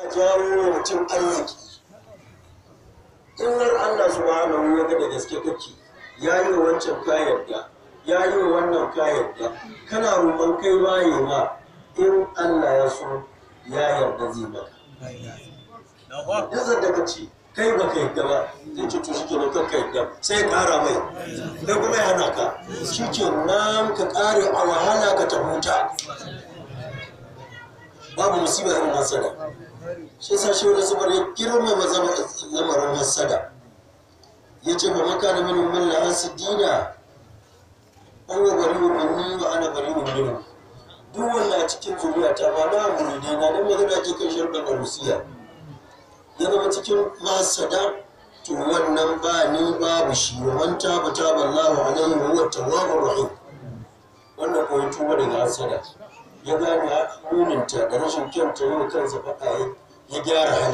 a jawo mutum arziki in har Allah subhanahu wa da gaske kake ya yi wa wancan ka yarda ya yi wa wannan ka yarda kana roƙon kai waye ma in Allah ya so ya yarda zai maka yanzu daga ci kai ba ka yarda ba zai ci to shi ke ka yarda sai ƙara mai kai kuma yana ka shi ke nan ka ƙare a wahala ka ta huta babu musiba irin masada shi sa shi wani zubar ya girma mazama lamarin masada ya ce ba maka da mini min la asidina an yi bari wa minni wa ana bari wa minni duk wanda a cikin zuriya ta ba na muridai na dan magana ke kan sharɗin arusiya ya zama cikin masada to wannan ba ni babu shi wa man taba taba Allahu alaihi wa huwa tawwabur rahim wannan koyi tuba daga asada ya gane muninta da rashin kyanta yau kansa faɗa ya gyara hali